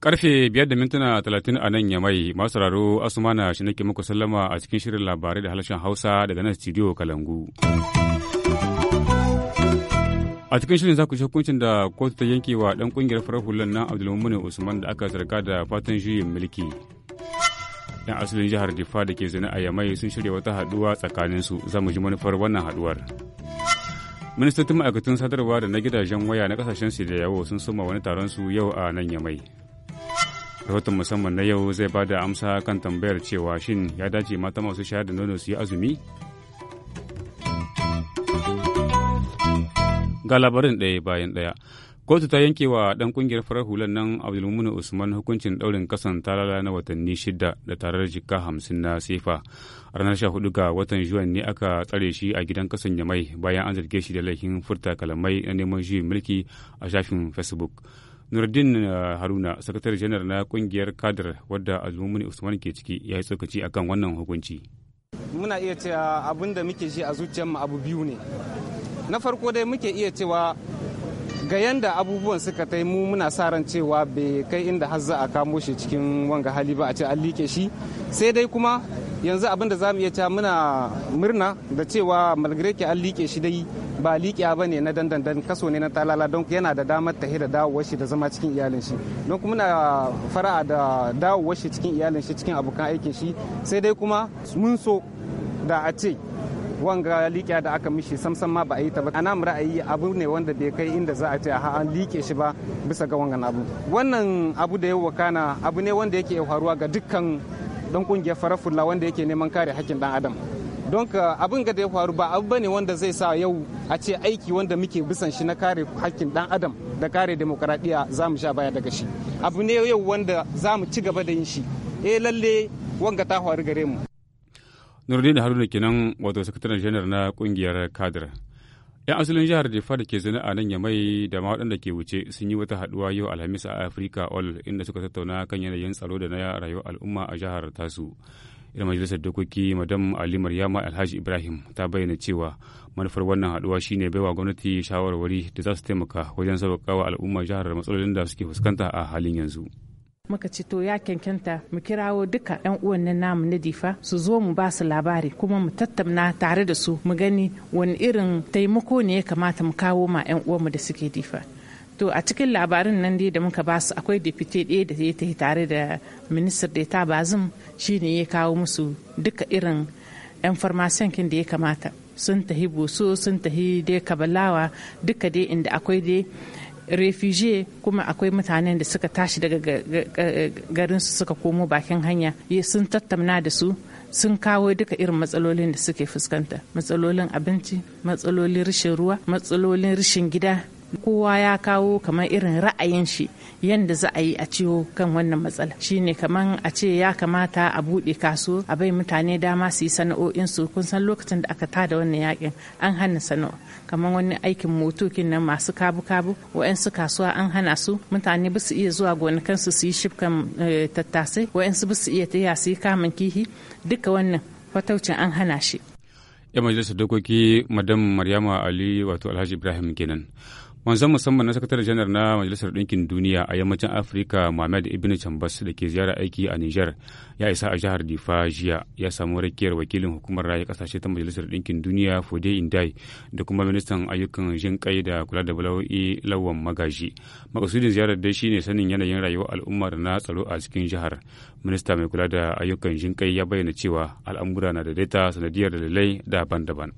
Karfe biyar da mintuna talatin a nan ya mai masu raro Asumana shi nake muku sallama a cikin shirin labarai da halashen Hausa daga nan studio Kalangu. a cikin shirin za ku hukuncin da kotu ta yanke wa dan kungiyar farar hulan na abdulmumin usman da aka zarga da fatan juyin mulki 'yan asalin jihar Diffa da ke zina a Yamai sun shirya wata haɗuwa tsakaninsu za mu ji manufar wannan haɗuwar. Ministocin ma'aikatun sadarwa da na gidajen waya na kasashen su da yawo sun suma wani taron su yau a nan Yamai. Rahoton musamman na yau zai ba da amsa kan tambayar cewa shin ya dace mata masu shayar da nono su yi azumi? Ga labarin ɗaya bayan ɗaya. Kotu ta yanke wa dan kungiyar farar hular nan Abdulmumin Usman hukuncin daurin kasan talala na watanni shida da tarar jika hamsin na sefa. A ranar sha hudu ga watan juan ne aka tsare shi a gidan kasan Yamai bayan an zarge shi da laifin furta kalamai na neman juyin mulki a shafin Facebook. Nuruddin eh, Haruna, sakatare janar na kungiyar kadar wadda Abdulmumin Usman ke ciki ya yi tsokaci akan wannan hukunci. Muna iya cewa abin da muke shi a zuciyarmu abu biyu ne. Na farko dai muke iya cewa ga yanda abubuwan suka tai mu muna sa ran cewa bai kai inda har za a kamo shi cikin wanga hali ba a ce an like shi sai dai kuma yanzu abin da za mu iya cewa muna murna da cewa malgrake an like shi dai ba liƙiya ba ne na dandandan kaso ne na talala don yana da damar ta da dawowar shi da zama cikin iyalin shi don kuma muna fara'a da dawowar shi cikin iyalin shi cikin abokan aikin shi sai dai kuma mun so da a ce wanga liƙiya da aka mishi samsam ma ba a yi ta ba ana ra'ayi abu ne wanda bai kai inda za a ce a an liƙe shi ba bisa ga wangan abu wannan abu da ya wakana abu ne wanda yake faruwa ga dukkan dan kungiyar farafulla wanda yake neman kare hakkin dan adam don ka abin ga da ya faru ba abu bane wanda zai sa yau a ce aiki wanda muke bisan shi na kare hakkin dan adam da kare demokaradiyya za mu sha baya daga shi abu ne yau wanda za mu ci gaba da yin shi eh lalle wanga ta faru gare mu Nurdin Haruna kenan wato sakataren janar na kungiyar kadir. 'Yan asalin jihar Defa da ke zina a nan Yamai da ma waɗanda ke wuce sun yi wata haɗuwa yau Alhamis a Afirka All inda suka tattauna kan yanayin tsaro da na rayuwar al'umma a jihar tasu. Yan majalisar dokoki Madam Ali Maryama Alhaji Ibrahim ta bayyana cewa manufar wannan haɗuwa shine baiwa gwamnati shawarwari da za su taimaka wajen wa al'umma jihar matsalolin da suke fuskanta a halin yanzu. muka ci to ya kyankyanta mu kirawo duka yan uwan namu na difa su zo mu ba su labari kuma mu tattauna tare da su mu gani wani irin taimako ne ya kamata mu kawo ma yan mu da suke difa to a cikin labarin nan dai da muka ba su akwai deputy ɗaya da ya tafi tare da minister da ta bazum shine ya kawo musu duka irin information kin da ya kamata sun tafi boso sun tafi dai kabalawa duka dai inda akwai dai refugee kuma akwai mutanen da suka tashi daga garin su suka komo bakin hanya sun tattauna da su sun kawo duka irin matsalolin da suke fuskanta matsalolin abinci matsalolin rashin ruwa matsalolin rashin gida kowa ya kawo kamar irin ra'ayin shi yadda za a yi a ciwo kan wannan matsala shine kamar a ce ya kamata a buɗe kaso a bai mutane dama su yi sana'o'in su kun san lokacin da aka tada wannan yakin an hana sana'o kamar wani aikin motokin nan masu kabu-kabu wa'ansu kasuwa an hana su mutane ba su iya zuwa gonakansu su yi shifkan eh, tattasai wa'ansu ba su iya taya su yi kamun kihi duka wannan fataucin an hana shi. 'Yan majalisar dokoki Madam Maryama Ali wato Alhaji Ibrahim kenan. wanzan musamman na sakatare janar na majalisar ɗinkin duniya a yammacin afirka mohamed ibn chambas da ke ziyara aiki a niger ya isa a jihar difa jiya ya samu rakiyar wakilin hukumar raya kasashe ta majalisar ɗinkin duniya fode indai da kuma ministan ayyukan jin kai da kula da bala'o'i lawan magaji makasudin ziyarar dai shine sanin yanayin rayuwar al'ummar na tsaro a cikin jihar minista mai kula da ayyukan jin kai ya bayyana cewa al'amura na da data sanadiyar dalilai daban-daban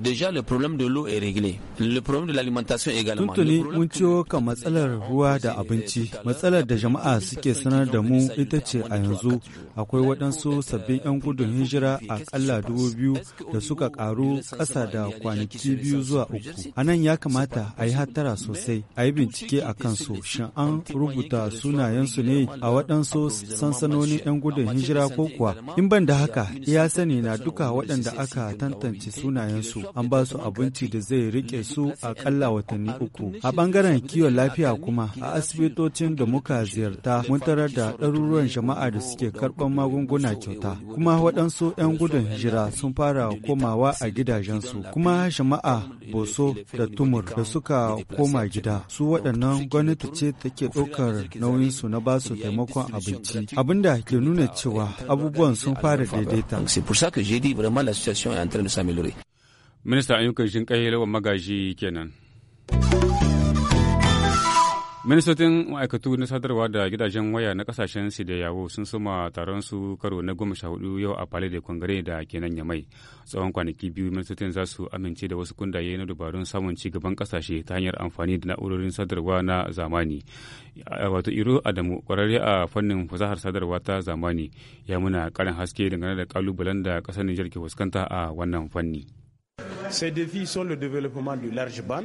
Déjà le problème de l'eau est réglé. Le problème de l'alimentation également. mun ciwo kan matsalar ruwa da abinci. Matsalar da jama'a suke sanar da mu ita ce a yanzu akwai wadansu sabbin 'yan gudun hijira a ƙalla dubu biyu da suka ƙaru ƙasa da kwanaki biyu zuwa uku. A nan ya kamata a yi hattara sosai, a yi bincike a kansu. Shin an rubuta sunayensu ne a wadansu sansanonin 'yan gudun hijira ko kuwa? In ban da haka, iya sani na duka waɗanda aka tantance sunayensu. an ba su abinci da zai rike su a akalla watanni uku. A ɓangaren kiwon lafiya kuma a asibitocin da muka ziyarta mun tarar da ɗaruruwan jama'a da suke karɓar magunguna kyauta. Kuma waɗansu 'yan gudun hijira sun fara komawa a gidajensu. Kuma jama'a Boso da Tumur da suka koma gida su waɗannan gwamnati ce take ɗaukar nauyinsu na ba su taimakon abinci. Abin da ke nuna cewa abubuwan sun fara daidaita. C'est Ministan ayyukan shinkai lawan magaji kenan. ministocin ma'aikatu na sadarwa da gidajen waya na kasashen su da yawo sun suma taron su karo na goma sha hudu yau a palais de congrès da kenan yamai tsawon kwanaki biyu ministocin za su amince da wasu kundaye na dabarun samun ci gaban kasashe ta hanyar amfani da na'urorin sadarwa na zamani wato iro adamu kwararre a fannin fasahar sadarwa ta zamani ya muna karin haske dangane da kalubalen da kasar nijar ke fuskanta a wannan fanni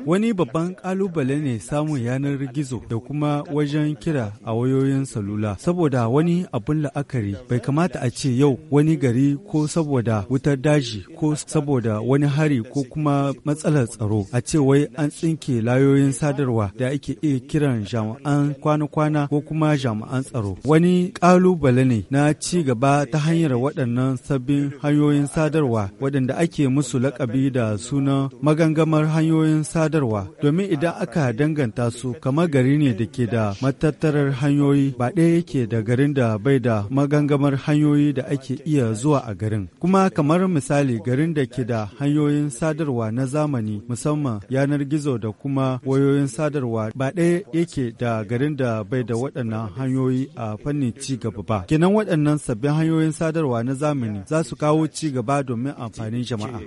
Wani babban ƙalubale ne samun yanar gizo da kuma wajen kira a wayoyin salula. Saboda wani abun la'akari bai kamata a ce yau wani gari ko saboda wutar daji ko saboda wani hari ko kuma matsalar tsaro a ce wai an tsinke layoyin sadarwa da ake iya kiran jami'an kwana-kwana ko kuma jami'an tsaro. Wani ƙalubale ne na ci gaba ta hanyar waɗannan sabbin hanyoyin sadarwa waɗanda ake musu lakabi da sunan magangamar hanyoyin sadarwa domin idan aka danganta su kamar gari ne da ke da matattarar hanyoyi ba ɗaya yake da garin da bai da magangamar hanyoyi da ake iya zuwa a garin. Kuma kamar misali garin da ke da hanyoyin sadarwa na zamani musamman yanar gizo da kuma wayoyin sadarwa ba ɗaya yake da garin da bai da waɗannan hanyoyi a fannin ci gaba ba. Kenan waɗannan sabbin hanyoyin sadarwa na zamani za su kawo ci gaba domin amfanin jama'a.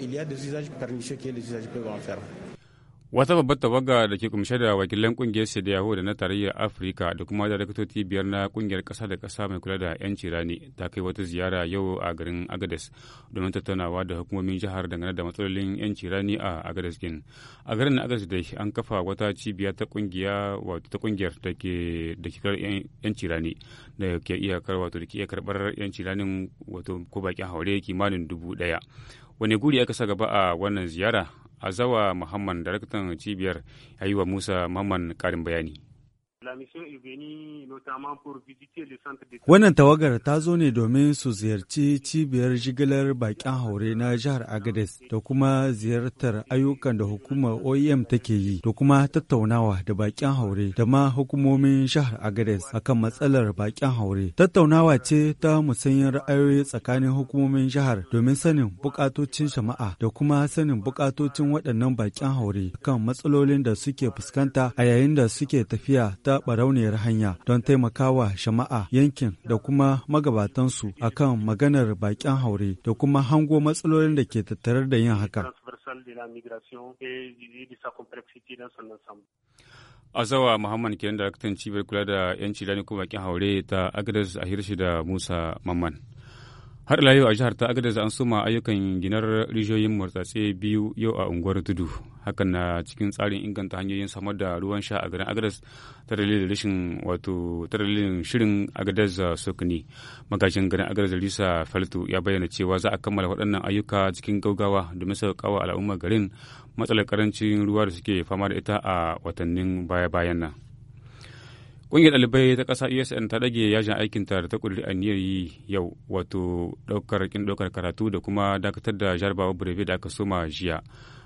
il y a des usages pernicieux que les usages peuvent en faire. Wata babbar tawaga da ke kumshe da wakilan kungiyar Sediyaho da na tarayyar Afirka da kuma da rikitoci biyar na kungiyar kasa da kasa mai kula da 'yanci rani ta kai wata ziyara yau a garin agades domin tattaunawa da hukumomin jihar dangane da matsalolin 'yanci rani a Agades gin A garin Agades da an kafa wata cibiya ta kungiya wato ta kungiyar da ke da ke kar 'yanci rani da ke iya kar wato da ke iya karbar 'yanci ranin wato ko bakin haure kimanin dubu daya. wani guri aka sa gaba a wannan ziyara azawa muhammad daraktan cibiyar ya wa musa muhammad karin bayani Wannan tawagar ta zo ne domin su ziyarci cibiyar jigilar bakin haure na jihar Agades da kuma ziyartar ayyukan da hukumar OEM take yi da kuma tattaunawa da bakin haure da ma hukumomin jihar Agades akan matsalar bakin haure. Tattaunawa ce ta musanyen ra'ayoyi tsakanin hukumomin jihar domin sanin bukatocin jama'a da kuma sanin bukatocin waɗannan bakin haure kan matsalolin da suke fuskanta a yayin da suke tafiya ta wata barauniyar hanya don taimakawa shama'a yankin da kuma magabatansu kan maganar baƙin haure da kuma hango matsalolin da ke tattare da yin haka. a Azawa Muhammad kenan da raktan cibiyar kula da 'yanci da kuma bakin haure ta agnes a hirshi da Musa Mamman. har ila yau a jihar ta agadar an suma ayyukan ginar rijiyoyin murtsatse biyu yau a unguwar tudu hakan na cikin tsarin inganta hanyoyin samar da ruwan sha a garin agadar ta dalilin rashin wato ta dalilin shirin agadar da sokuni magajin garin agadar da lisa faltu ya bayyana cewa za a kammala waɗannan ayyuka cikin gaugawa domin sauƙawa al'ummar garin matsalar karancin ruwa da suke fama da ita a watannin baya-bayan nan Ƙungiyar ɗalibai ta ƙasa ESN ta ɗage yajin aikin ta da ta ƙudiri aniyar yi yau wato ɗaukar ƙin ɗaukar karatu da kuma dakatar da jarabawar brevet da aka soma jiya.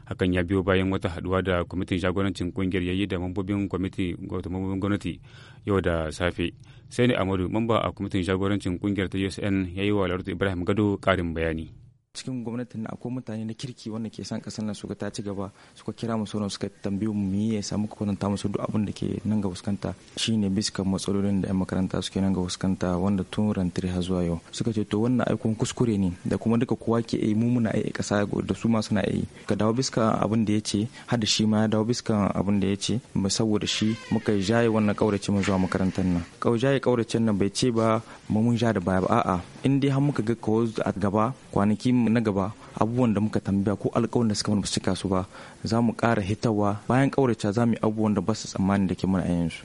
Hakan ya biyo bayan wata haɗuwa da kwamitin jagorancin ƙungiyar yi da mambobin kwamiti wato mambobin gwamnati yau da safe. Sai ne Amadu mamba a kwamitin jagorancin ƙungiyar ta USN ya yi wa Laratu Ibrahim Gado ƙarin bayani. cikin gwamnatin akwai mutane na kirki wanda ke san kasar nan suka ta ci gaba suka kira mu sauran suka tambaye mu me yasa muka kwatanta musu duk abin da ke nan ga fuskanta shine biskan matsalolin da yan makaranta suke nan ga fuskanta wanda tun rantiri har zuwa yau suka ce to wannan aikon kuskure ne da kuma duka kowa ke yi mu muna yi kasa da su ma suna yi ka dawo biskan abin da yace har da shi ma ya dawo biskan abin da yace mu saboda shi muka jaye wannan kaurace mu zuwa makarantar nan jaye kauracen nan bai ce ba mu mun ja da baya ba a'a in dai har muka ga kawo a gaba kwanaki mu na gaba abubuwan da muka tambaya ko alƙawarin da suka mana ba su cika su ba za mu ƙara hitawa bayan ƙaurace za mu yi abubuwan da ba su tsammani da ke mana a yanzu.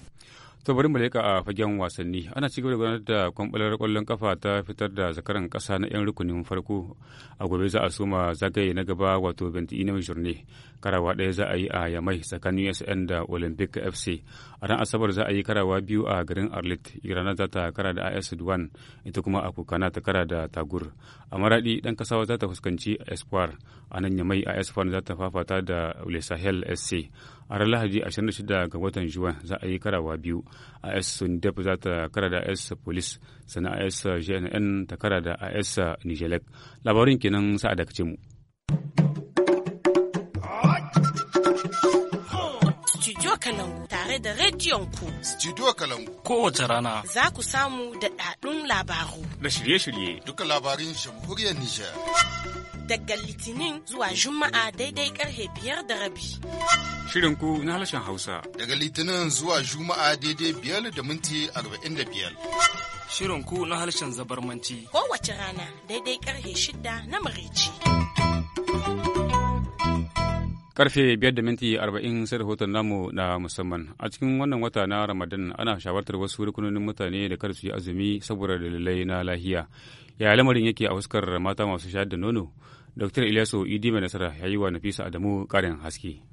To bari mu leka a fagen wasanni. Ana cigaba da gudanar da kwambalar kwallon kafa ta fitar da zakaran kasa na 'yan rukunin farko a gobe za a soma zagaye na gaba wato 21 journey. Karawa daya za a yi a Yamai tsakanin USN da Olympic FC. A ran Asabar za a yi karawa biyu a garin Arlit. Irana za ta kara da AS one ita kuma a Kukana ta kara da Tagur. A Maradi ɗan kasawa za ta fuskanci Espoir. A nan Yamai AS Fan za ta fafata da Le SC. A ran Lahadi 26 ga watan Juwan za a yi karawa biyu. as sundep za ta kara da as police sannan as jnn ta kara da as nijelek labarin kenan sa'a da kace mu tare da rediyonku. Studio Kalangu. Kowace rana. Za ku samu da ɗaɗun labaru. Da shirye-shirye. Duka labarin jamhuriyar Nijar. Daga Litinin zuwa Juma'a daidai karfe biyar da rabi. Shirin ku na halashen Hausa. Daga Litinin zuwa Juma'a daidai biyar da minti arba'in da biyar. Shirin ku na zabar zabarmanci. Kowace rana daidai karfe shida na maraici. Karfe biyar da minti arba'in sai rahoton namu na musamman. A cikin wannan wata na Ramadan ana shawartar wasu rukunonin mutane da kar su yi azumi saboda dalilai na lahiya. Yaya lamarin yake a fuskar mata masu shayar da nono? Dr. Ilyasu Idi Mai Nasara ya yi wa Nafisa Adamu karin haske.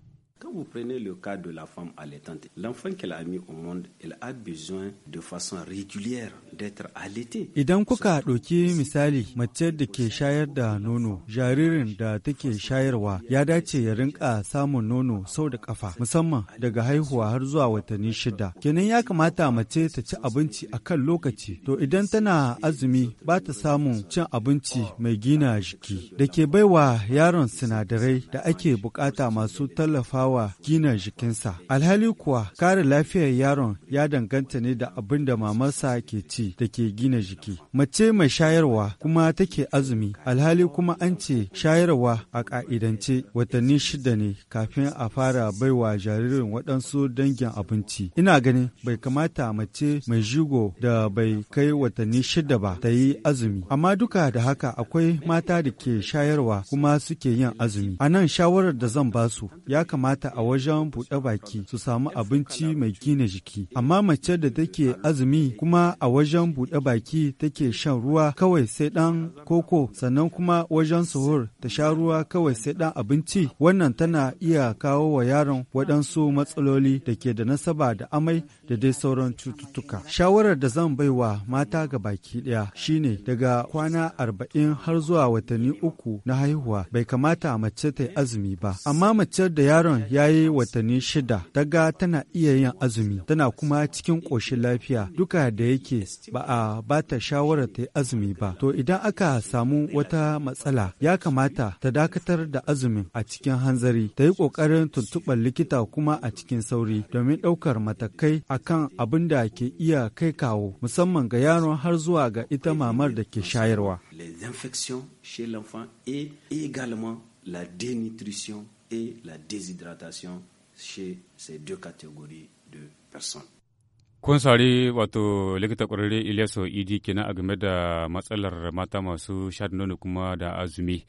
Quand vous prenez le cas de la femme allaitante, l'enfant qu'elle a mis au monde, elle a besoin de façon régulière d'être allaitée. Idan kuka ɗauki misali mace da ke shayar da nono, jaririn da take shayarwa ya dace ya rinka samun nono sau da kafa, musamman daga haihuwa har zuwa watanni shida. Kenan ya kamata mace ta ci abinci a kan lokaci, to idan tana azumi ba ta samun cin abinci mai gina jiki da ke baiwa yaron sinadarai da ake bukata masu tallafawa wa gina jikinsa. Alhali kuwa kare lafiyar yaron ya danganta ne da abin da mamarsa ke ci da ke gina jiki. Mace mai shayarwa kuma take azumi, alhali kuma an ce shayarwa a ka'idance watanni shida ne kafin a fara baiwa jaririn waɗansu dangin abinci. Ina ganin bai kamata mace mai jigo da bai kai watanni shida ba ta yi azumi. Amma duka da haka akwai mata da ke shayarwa kuma suke yin azumi. A nan shawarar da zan ba su ya kamata kamata a wajen buɗe baki su samu abinci mai gina jiki. Amma mace da take azumi kuma a wajen buɗe baki take shan ruwa kawai sai ɗan koko sannan kuma wajen suhur ta sha ruwa kawai sai ɗan abinci wannan tana iya kawo wa yaron waɗansu matsaloli da ke da nasaba da amai da dai sauran cututtuka. Shawarar da zan bai wa mata ga baki ɗaya shine daga kwana arba'in har zuwa watanni uku na haihuwa bai kamata mace ta yi azumi ba. Amma mace da yaron ya yi watanni shida daga tana iya yin azumi tana kuma cikin ƙoshin lafiya duka da yake ba a ba ta shawarar ta yi azumi ba to idan aka samu wata matsala ya kamata ta dakatar da azumin a cikin hanzari ta yi ƙoƙarin tuntuɓar likita kuma a cikin sauri domin ɗaukar matakai akan abin da ke iya kai kawo musamman ga yaron har zuwa ga ita mamar da ke shayarwa. Les infections chez l'enfant et la déshydratation chez ces deux catégories de personnes. Kun sari wato likita ƙwararre ilyaso Idi kenan a game da matsalar mata masu sha nono kuma da azumi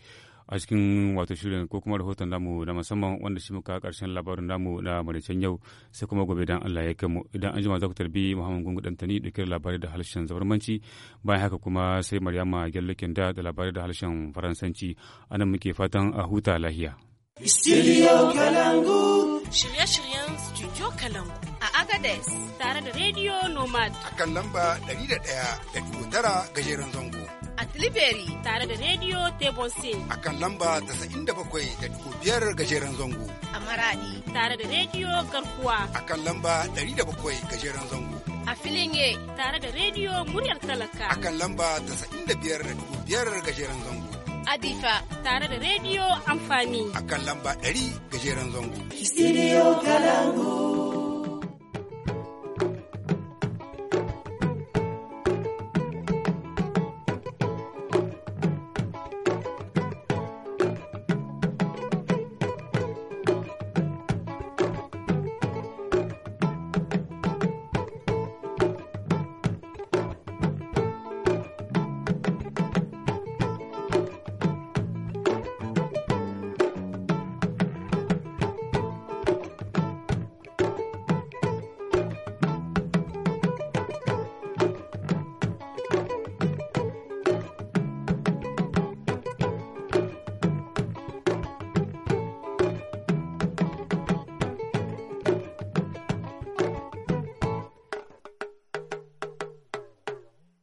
a cikin wato shirin ko kuma rahoton namu na musamman wanda shi muka karshen labarin namu na maricen yau sai kuma gobe dan Allah ya kai mu idan an jima za ku tarbi Muhammad Gungu dan tani labarai da harshen zabarmanci bayan haka kuma sai Maryama Gyallakin da da labarai da harshen Faransanci anan muke fatan a huta lahiya. Studio Kalangu. Shirye-shiryen Studio Kalangu. A Agadez. Tare da Radio Nomad. A kan lamba 101.9 gajeren zango. A Tilibiri. Tare da Radio Tebonsin. A kan lamba 97.5 gajeren zango. A Maradi. Tare da Radio Garkuwa. A kan lamba 107 gajeren zango. A Filinge. Tare da Radio Muryar Talaka. A kan lamba 95.5 gajeren zango. Adifa tare da rediyo amfani. A kan lamba 100 gajeren zango. Studio Kalangu.